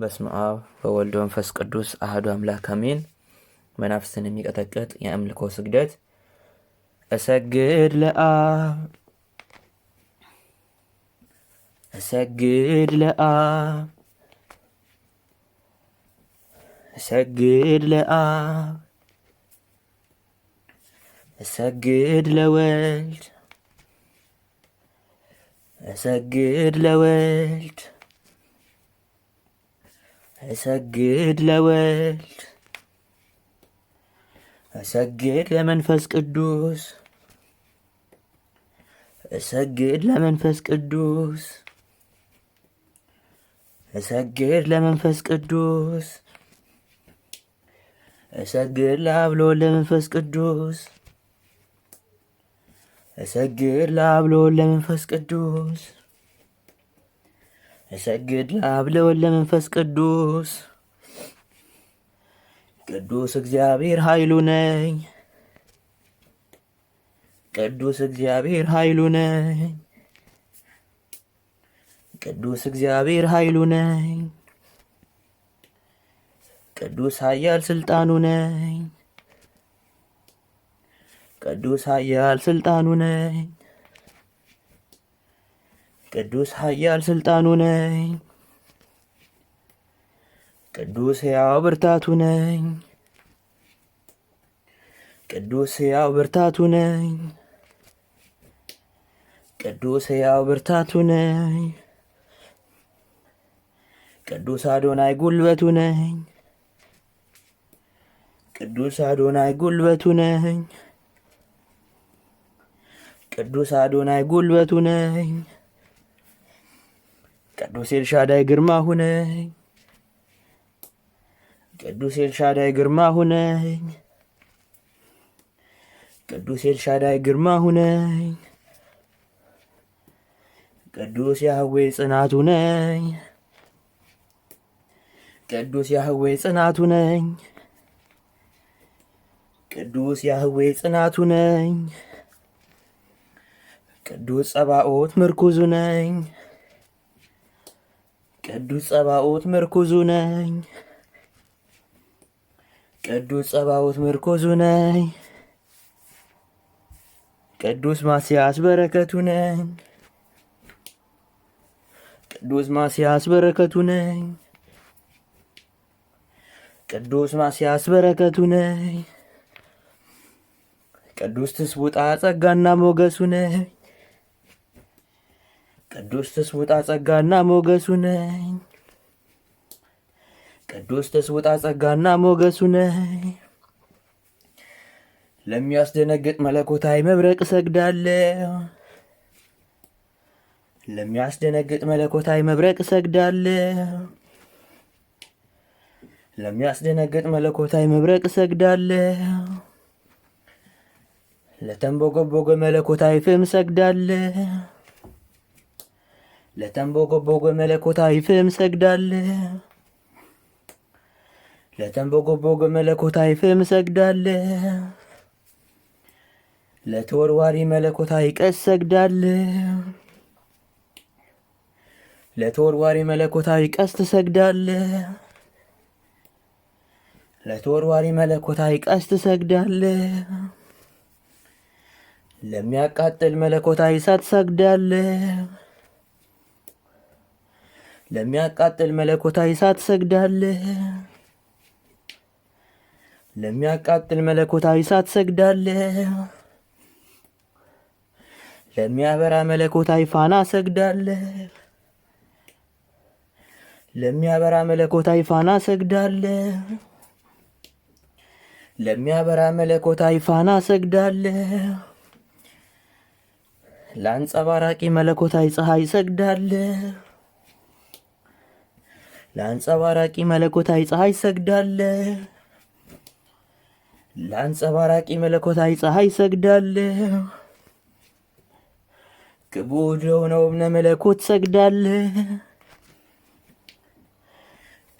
በስመ አብ በወልድ መንፈስ ቅዱስ አህዱ አምላክ አሜን። መናፍስን የሚቀጠቅጥ የአምልኮ ስግደት እሰግድ ለአብ እሰግድ ለአብ እሰግድ ለአብ እሰግድ ለወልድ እሰግድ ለወልድ أسجد لولد أسجد لمنفس قدوس أسجد لمنفس قدوس أسجد لمنفس قدوس أسجد لأب الوالد لمنفس قدوس أسجد لأب الوالد لمنفس قدوس እሰግድ ለአብ ለወልድ ለመንፈስ ቅዱስ ቅዱስ እግዚአብሔር ኃይሉ ነኝ። ቅዱስ እግዚአብሔር ኃይሉ ነኝ። ቅዱስ እግዚአብሔር ኃይሉ ነኝ። ቅዱስ ኃያል ስልጣኑ ነኝ። ቅዱስ ኃያል ስልጣኑ ነኝ። ቅዱስ ኃያል ስልጣኑ ነኝ። ቅዱስ ሕያው ብርታቱ ነኝ። ቅዱስ ሕያው ብርታቱ ነኝ። ቅዱስ ሕያው ብርታቱ ነኝ። ቅዱስ አዶናይ ጉልበቱ ነኝ። ቅዱስ አዶናይ ጉልበቱ ነኝ። ቅዱስ አዶናይ ጉልበቱ ነኝ። ቅዱስ ኤልሻዳይ ግርማ ሁነኝ፣ ቅዱስ ኤልሻዳይ ግርማ ሁነኝ፣ ቅዱስ ኤልሻዳይ ግርማ ሁነኝ፣ ቅዱስ ያህዌ ጽናቱ ነኝ፣ ቅዱስ ያህዌ ጽናቱ ነኝ፣ ቅዱስ ያህዌ ጽናቱ ነኝ፣ ቅዱስ ጸባኦት ምርኩዙ ነኝ። ቅዱስ ጸባኦት ምርኩዙ ነኝ፣ ቅዱስ ጸባኦት ምርኩዙ ነኝ፣ ቅዱስ ማስያስ በረከቱ ነኝ፣ ቅዱስ ማስያስ በረከቱ ነኝ፣ ቅዱስ ማስያስ በረከቱ ነኝ፣ ቅዱስ ትስቡጣ ጸጋና ሞገሱ ነኝ። ቅዱስ ተስውጣ ጸጋና ሞገሱ ነኝ። ቅዱስ ተስውጣ ጸጋና ሞገሱ ነኝ። ለሚያስደነግጥ መለኮታዊ መብረቅ እሰግዳለሁ። ለሚያስደነግጥ መለኮታዊ መብረቅ እሰግዳለሁ። ለሚያስደነግጥ መለኮታዊ መብረቅ እሰግዳለሁ። ለተንቦጎቦገ መለኮታዊ ፍም እሰግዳለሁ። ለተንቦጎቦጎ መለኮታዊ ፍም ሰግዳለ ለተንቦጎቦጎ መለኮታዊ ፍም ሰግዳለ ለተወርዋሪ መለኮታዊ ቀስ ሰግዳለ ለተወርዋሪ መለኮታዊ ቀስ ትሰግዳለ ለተወርዋሪ መለኮታዊ ቀስ ትሰግዳለ ለሚያቃጥል መለኮታዊ እሳት ሰግዳለ ለሚያቃጥል መለኮታዊ እሳት ሰግዳለህ። ለሚያቃጥል መለኮታዊ እሳት ሰግዳለህ። ለሚያበራ መለኮታዊ ፋና ሰግዳለህ። ለሚያበራ መለኮታዊ ፋና ሰግዳለህ። ለሚያበራ መለኮታዊ ፋና ሰግዳለህ። ለአንጸባራቂ መለኮታዊ ፀሐይ ሰግዳለህ። ለአንጸባራቂ መለኮታዊ ፀሐይ ይሰግዳለህ። ለአንጸባራቂ መለኮታዊ ፀሐይ ይሰግዳለህ። ክቡድ ለሆነው እብነ መለኮት ሰግዳለህ።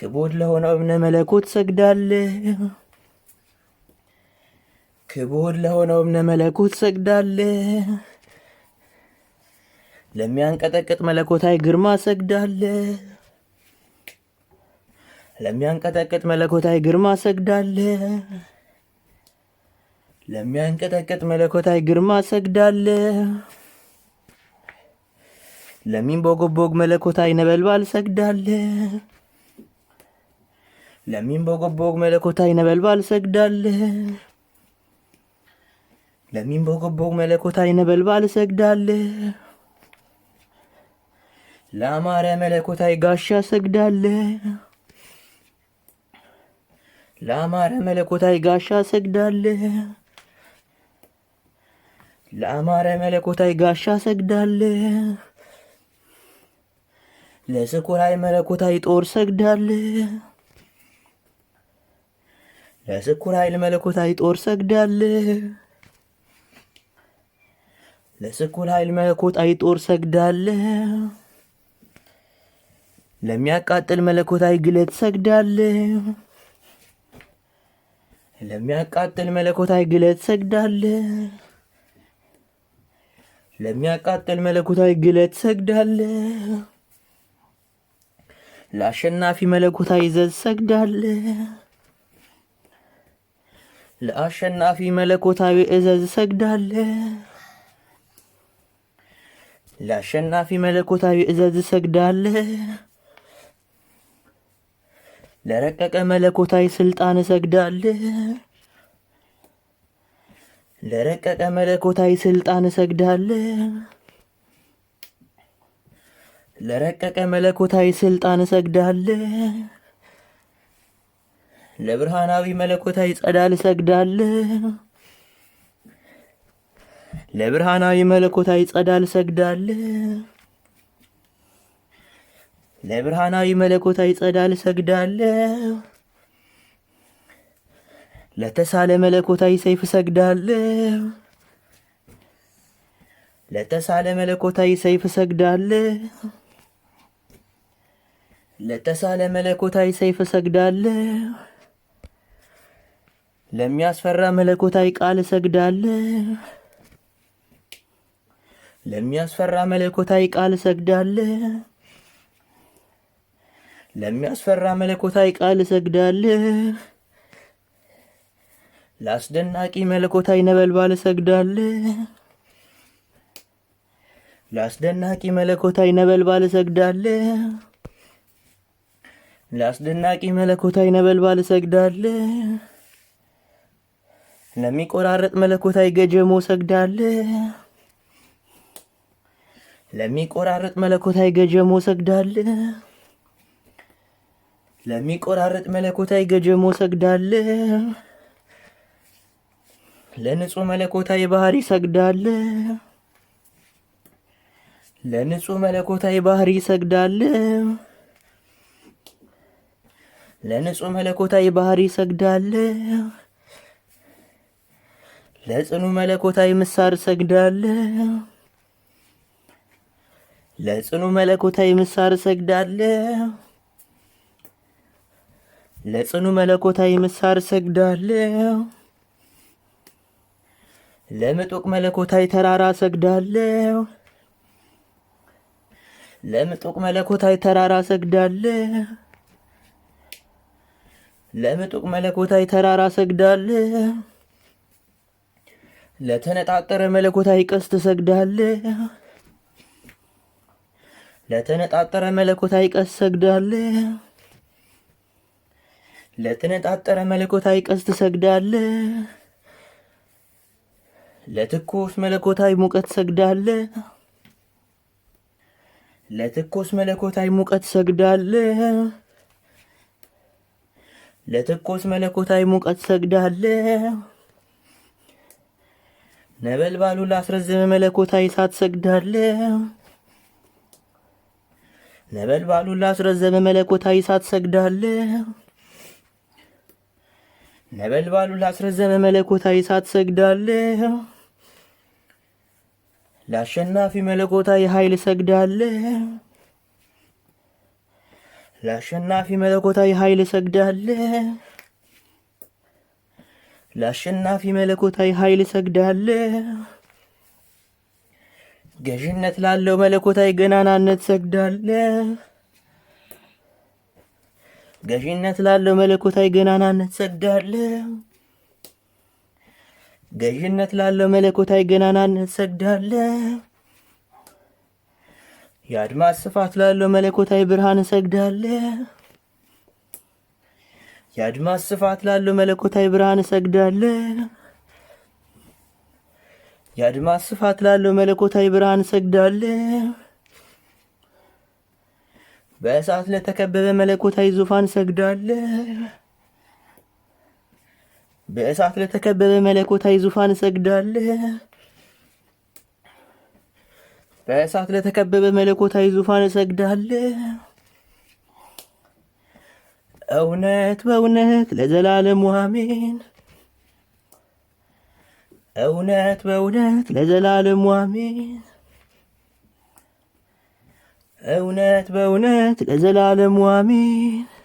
ክቡድ ለሆነው እብነ መለኮት ሰግዳለህ። ክቡድ ለሆነው እብነ መለኮት ሰግዳለህ። ለሚያንቀጠቅጥ መለኮታዊ ግርማ ሰግዳለ ለሚያንቀጠቅጥ መለኮታዊ ግርማ ሰግዳለ ለሚያንቀጠቅጥ መለኮታዊ ግርማ ሰግዳለሁ። ለሚንቦጎቦግ መለኮታዊ ነበልባል ሰግዳለሁ። ለሚንቦጎቦግ መለኮታዊ ነበልባል ሰግዳለሁ። ለሚንቦጎቦግ መለኮታዊ ነበልባል ሰግዳለ ለአማረ መለኮታዊ ጋሻ ሰግዳለ ለአማረ መለኮታዊ ጋሻ ሰግዳለህ፣ ለአማረ መለኮታዊ ጋሻ ሰግዳለህ፣ ለስኩራዊ መለኮታዊ ጦር ሰግዳለህ፣ ለስኩራዊ መለኮታዊ ጦር ሰግዳለህ፣ ለስኩራዊ መለኮታዊ ጦር ሰግዳለህ፣ ለሚያቃጥል መለኮታዊ ግለት ሰግዳለህ። ለሚያቃጥል መለኮታዊ ግለት ሰግዳለ ለሚያቃጥል መለኮታዊ ግለት ሰግዳለ ለአሸናፊ መለኮታዊ ዘዝ ሰግዳለ ለአሸናፊ መለኮታዊ እዘዝ ሰግዳለ ለአሸናፊ መለኮታዊ እዘዝ ሰግዳለ ለረቀቀ መለኮታዊ ስልጣን እሰግዳለሁ። ለረቀቀ መለኮታዊ ስልጣን እሰግዳለሁ። ለረቀቀ መለኮታዊ ስልጣን እሰግዳለሁ። ለብርሃናዊ መለኮታዊ ጸዳል እሰግዳለሁ። ለብርሃናዊ መለኮታዊ ጸዳል እሰግዳለሁ። ለብርሃናዊ መለኮታዊ ጸዳል እሰግዳለሁ። ለተሳለ መለኮታዊ ሰይፍ እሰግዳለሁ። ለተሳለ መለኮታዊ ሰይፍ እሰግዳለሁ። ለተሳለ መለኮታዊ ሰይፍ እሰግዳለሁ። ለሚያስፈራ መለኮታዊ ቃል እሰግዳለሁ። ለሚያስፈራ መለኮታዊ ቃል እሰግዳለሁ። ለሚያስፈራ መለኮታዊ ቃል እሰግዳለሁ። ለአስደናቂ መለኮታዊ ነበልባል እሰግዳለሁ። ለአስደናቂ መለኮታዊ ነበልባል እሰግዳለሁ። ለአስደናቂ መለኮታዊ ነበልባል እሰግዳለሁ። ለሚቆራረጥ መለኮታዊ ገጀሞ እሰግዳለሁ። ለሚቆራረጥ መለኮታዊ ገጀሞ እሰግዳለሁ። ለሚቆራረጥ መለኮታዊ ገጀሞ ሰግዳለሁ። ለንጹህ መለኮታዊ ባህሪ ሰግዳለሁ። ለንጹህ መለኮታዊ ባህሪ ሰግዳለሁ። ለንጹህ መለኮታዊ ባህሪ ሰግዳለሁ። ለጽኑ መለኮታዊ ምሳር ሰግዳለሁ። ለጽኑ መለኮታዊ ምሳር ሰግዳለሁ። ለጽኑ መለኮታዊ ምሳር ሰግዳለሁ። ለምጡቅ መለኮታዊ ተራራ ሰግዳለሁ። ለምጡቅ መለኮታዊ ተራራ ሰግዳለሁ። ለምጡቅ መለኮታዊ ተራራ ሰግዳለሁ። ለተነጣጠረ መለኮታዊ ቀስት ሰግዳለሁ። ለተነጣጠረ መለኮታዊ ቀስት ሰግዳለሁ። ለተነጣጠረ መለኮታዊ ቀስ ትሰግዳለህ። ለትኩስ መለኮታዊ ሙቀት ትሰግዳለህ። ለትኩስ መለኮታዊ ሙቀት ትሰግዳለህ። ለትኩስ መለኮታዊ ሙቀት ትሰግዳለህ። ነበልባሉ ላስረዘመ መለኮታዊ እሳት ትሰግዳለህ። ነበልባሉ ላስረዘመ መለኮታዊ እሳት ትሰግዳለህ። ነበልባሉ ላስረዘመ መለኮታዊ እሳት ሰግዳለሁ። ለአሸናፊ መለኮታዊ ኃይል ሰግዳለሁ። ለአሸናፊ መለኮታዊ ኃይል ሰግዳለሁ። ለአሸናፊ መለኮታዊ ኃይል ሰግዳለሁ። ገዥነት ላለው መለኮታዊ ገናናነት ሰግዳለሁ። ገዥነት ላለው መለኮታዊ ገናናነት ሰግዳለሁ። ገዥነት ላለው መለኮታዊ ገናናነት ሰግዳለሁ። የአድማስ ስፋት ላለው መለኮታዊ ብርሃን እሰግዳለሁ። የአድማስ ስፋት ላለው መለኮታዊ ብርሃን እሰግዳለሁ። የአድማስ ስፋት ላለው መለኮታዊ ብርሃን እሰግዳለሁ። በእሳት ለተከበበ መለኮታዊ ዙፋን እሰግዳለሁ። በእሳት ለተከበበ መለኮታዊ ዙፋን እሰግዳለሁ። በእሳት ለተከበበ መለኮታዊ ዙፋን እሰግዳለሁ። እውነት በእውነት ለዘላለሙ አሜን። እውነት በእውነት ለዘላለሙ አሜን። እውነት በእውነት ለዘላለም አሜን።